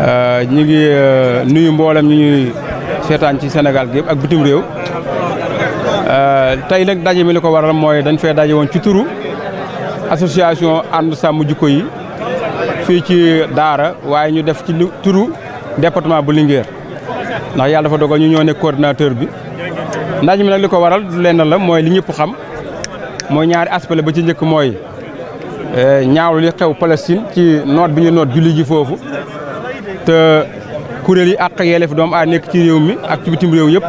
Euh, ñu ngi euh, nuyu mboolem ñu ñuy seetaan ci senegal gi ak bitim réew euh, tey nag daje mi li ko waral mooy dañ fee daje woon ci turu association ànd sàmm jikko yi fii ci Daara waaye ñu def ci turu département bu Linguère ndax yàlla fa dogal ñu ñoo ne coordinateur bi ndaje mi nag li ko waral lenn la mooy li ñëpp xam mooy ñaari aspect ba ci njëkk mooy ñaawlu li xew Palestine ci noot bi ñu noot julli foofu. te kuréel yi àq yelleef doomu aadama nekk ci réew mi ak ci bitim réew yëpp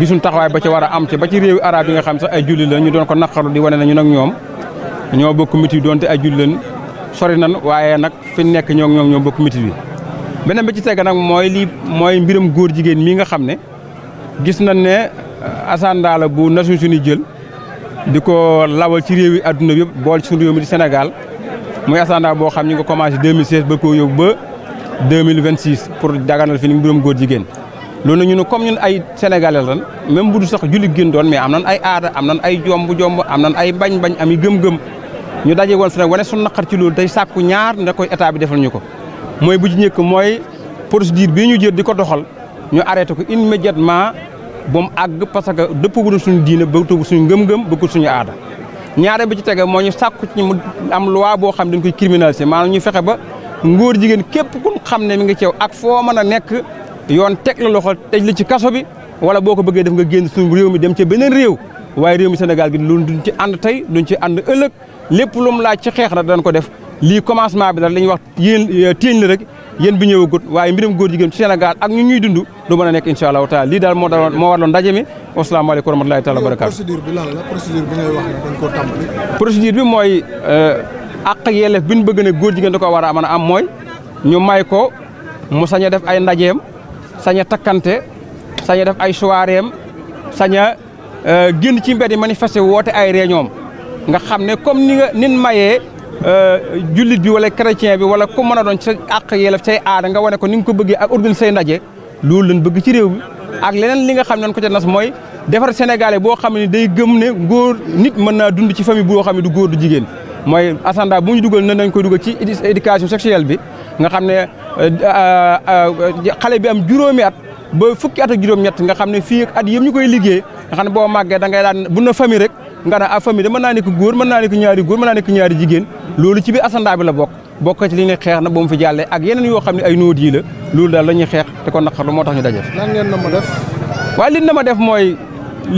gisuñ taxawaay ba ci war a am ci ba ci réew arab yi nga xam sax ay julli la ñu doon ko naqaru di wane na ñu ak ñoom ñoo bokk miti doonte ay julli lañ sori nan waaye nag fi nekk ñoo ñoom ñoo bokk miti bi beneen bi ci teg nag mooy lii mooy mbiram góor jigéen mii nga xam ne gis na ne asandaala bu nasu suñu jël di ko lawal ci réew yi adduna bi yëpp bool ci suñu réew mi di Sénégal boo xam ñu ngi deux mille vingt six pour daganal fi ni mbirum góor jigéen loolu ñu ne comme ñun ay sénégalais lan même bu du sax julli gën doon mais am nan ay aada am nan ay jomb-jomb am nan ay bañ-bañ am yi gëm-gëm ñu daje woon fi nag wane suñu naqar ci loolu tey sàkku ñaar nda ko état bi defal ñu ko mooy bu ci njëkk mooy procédure bii ñu jël di ko doxal ñu arrêté ko immédiatement bu mu àgg parce que dëppagul suñu diine bëgg suñu ngëm gëm bëgg suñu aada ñaare bi ci tege moo ñu sàkku ci mu am loi boo xam dañ koy criminaliser maanaam ñu fexe ba ngóor jigéen képp kun xam ne mi ngi ceew ak foo mën a nekk yoon teg loxo tej la ci kaso bi wala boo ko bëggee def nga génn suñu réew mi dem ca beneen réew waaye réew mi Sénégal gi loolu duñ ci ànd tey duñ ci ànd ëllëg lépp lu laa ci xeex na dañ ko def lii commencement bi nag la ñuy wax yéen euh, téeñ la rek yéen bi ñëwagut waaye mbirum góor jigéen ci Sénégal ak ñu ñuy dund du mën a nekk incha allahu taala lii daal moo daal moo warloon ndaje mi wasalaamaaleykum wa rahmatulahi taala wa barakaatu la procédure bi ngay wax àq ak yelleef bi ñu bëgg ne góor jigéen da ko war a mën a am mooy ñu may ko mu sañ a def ay ndajeem sañ a takkante sañ def ay soiréem sañ a euh, génn ci mbedd yi manifester woote ay réunion nga xam ne comme ni nga nin mayee euh, jullit bi wala chrétien bi wala ku mën a doon ci àq yelleef say aada nga wane ko ni nga ko bëggee ak organiser say ndaje loolu lañ bëgg ci réew bi ak leneen li nga xam ne ko ca nas mooy defar sénégalais boo xam ne day gëm ne góor nit mën naa dund ci famille boo xam ne du góor du jigéen mooy asanda bu ñu dugal na nañ koy dugal ci éducation sexuelle bi nga xam ne xale bi am juróomi at ba fukki at ak juróom-ñett nga xam ne fii ak at yëpp ñu koy liggéey nga xam ne boo màggee da ngay daan bu na famille rek nga ne ah famille de mën naa nekk góor mën naa nekk ñaari góor mën naa nekk ñaari jigéen loolu ci biir asanda bi la bokk bokk ci li ñuy xeex na boo mu fi jàllee ak yeneen yoo xam ne ay nóot yi la loolu daal la xeex te kon naqar lu moo tax ñu daje. nan ngeen na ma def. def mooy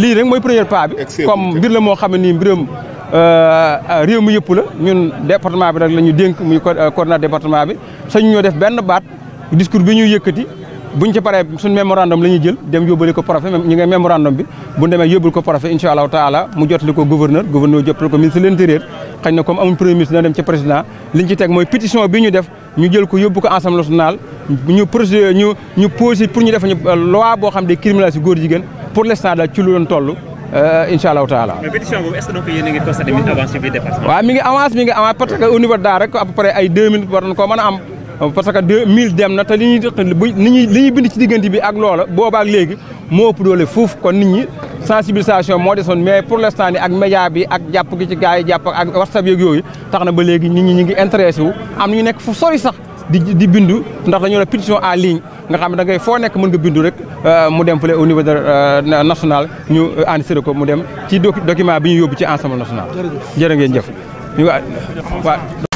lii rek mooy premier pas bi. moo xam ne nii mbiram Euh, euh, réew mi yëpp la ñun département bi rek la ñu dénk muy euh, coordinateur département bi sañu ñoo def benn baat discours bi ñuy yëkkati buñ ci paree suñ mémorandum la ñuy jël dem yóbbale ko préfet ñu ngi mémorandum bi bu demee yóbbul ko préfet incha allahu taala mu jotali ko gouverneur gouverneur jotali ko ministre de l'intérieur xëy na comme amuñ premier ministre na dem ci président liñ ci teg mooy pétition bi ñu def ñu jël ko yóbbu ko assemblée nationale ñu projet ñu ñu posé ñu loi boo xam ne criminalisé góor jigéen pour l'instant daal ci lu doon toll Euh, incha allahu taala. mais pétition boobu a ngi constaté mi ngi avance mi ngi avance mi ngi avance parce rek ay 2000 war nañu koo a am. parce que 2000 dem na te li ñuy li ñuy li ñuy bind ci diggante bi ak loola boobaak léegi moo ëpp doole fuuf kon nit ñi sensibilisation moo desoon mais pour l'instant ni ak média bi ak jàpp gi ci gars yi jàpp ak whatsapp yeeg yooyu tax na ba léegi nit ñi ñu ngi intéressé wu am na ñu nekk fu sori sax. di di bindu ndax dañoo ne pétition en ligne nga xam ne da ngay foo nekk mën nga bindu rek euh, mu dem fële au niveau de euh, national ñu euh, enregistré ko mu dem ci document bi ñu yóbbu ci Assemblée nationale. jërë ngeen jëf ñu waa